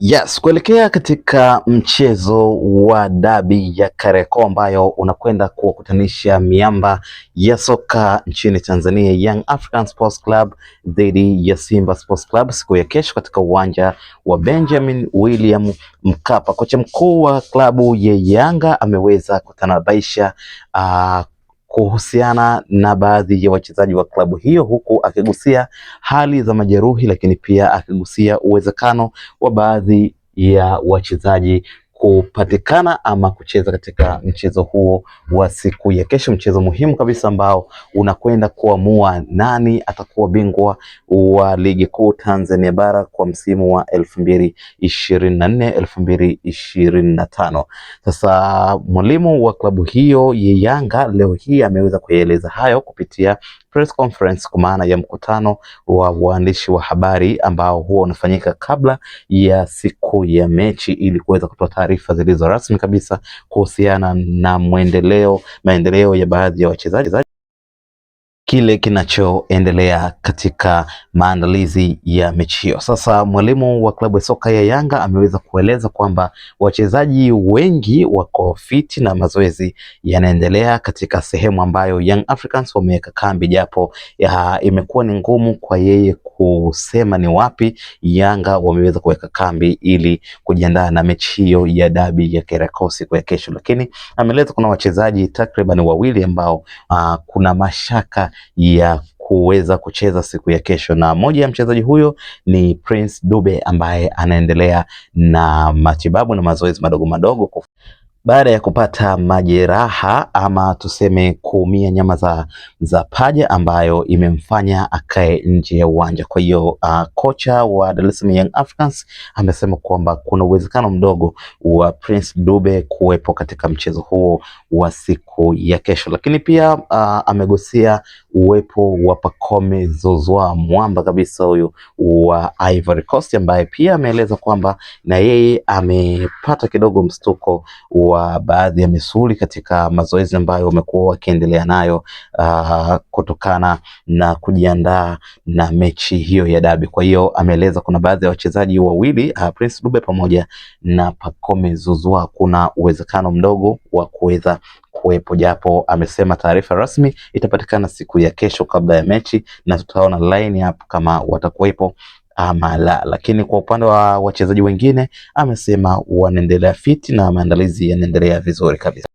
Yes, kuelekea katika mchezo wa dabi ya Kariakoo ambayo unakwenda kuwakutanisha miamba ya soka nchini Tanzania, Young African Sports Club dhidi ya Simba Sports Club siku ya kesho katika uwanja wa Benjamin William Mkapa. Kocha mkuu wa klabu ya Yanga ameweza kutanabaisha uh, kuhusiana na baadhi ya wachezaji wa klabu hiyo, huku akigusia hali za majeruhi, lakini pia akigusia uwezekano wa baadhi ya wachezaji kupatikana ama kucheza katika mchezo huo wa siku ya kesho, mchezo muhimu kabisa ambao unakwenda kuamua nani atakuwa bingwa wa ligi kuu Tanzania bara kwa msimu wa elfu mbili ishirini na nne elfu mbili ishirini na tano. Sasa mwalimu wa klabu hiyo ya Yanga leo hii ameweza kueleza hayo kupitia press conference kwa maana ya mkutano wa waandishi wa habari ambao huwa unafanyika kabla ya siku ya mechi ili kuweza kutoa taarifa zilizo rasmi kabisa kuhusiana na mwendeleo maendeleo ya baadhi ya wachezaji kile kinachoendelea katika maandalizi ya mechi hiyo. Sasa mwalimu wa klabu ya soka ya Yanga ameweza kueleza kwamba wachezaji wengi wako fiti na mazoezi yanaendelea katika sehemu ambayo Young Africans wameweka kambi, japo imekuwa ni ngumu kwa yeye kusema ni wapi Yanga wameweza kuweka kambi ili kujiandaa na mechi hiyo ya dabi ya Kariakoo kwa kesho, lakini ameeleza kuna wachezaji takriban wawili ambao uh, kuna mashaka ya kuweza kucheza siku ya kesho, na moja ya mchezaji huyo ni Prince Dube ambaye anaendelea na matibabu na mazoezi madogo madogo. Baada ya kupata majeraha ama tuseme kuumia nyama za, za paja ambayo imemfanya akae nje ya uwanja. Kwa hiyo uh, kocha wa Dar es Salaam Young Africans amesema kwamba kuna uwezekano mdogo wa Prince Dube kuwepo katika mchezo huo wa siku ya kesho, lakini pia uh, amegusia uwepo wa Pacome Zozoa, mwamba kabisa huyu wa Ivory Coast ambaye pia ameeleza kwamba na yeye amepata kidogo mstuko wa wa baadhi ya misuli katika mazoezi ambayo wamekuwa wakiendelea nayo uh, kutokana na kujiandaa na mechi hiyo ya dabi. Kwa hiyo ameeleza kuna baadhi ya wachezaji wawili uh, Prince Dube pamoja na Pacome Zuzua kuna uwezekano mdogo wa kuweza kuwepo, japo amesema taarifa rasmi itapatikana siku ya kesho kabla ya mechi, na tutaona line up kama watakuwepo ama la. Lakini kwa upande wa wachezaji wengine amesema wanaendelea fiti na maandalizi yanaendelea vizuri kabisa.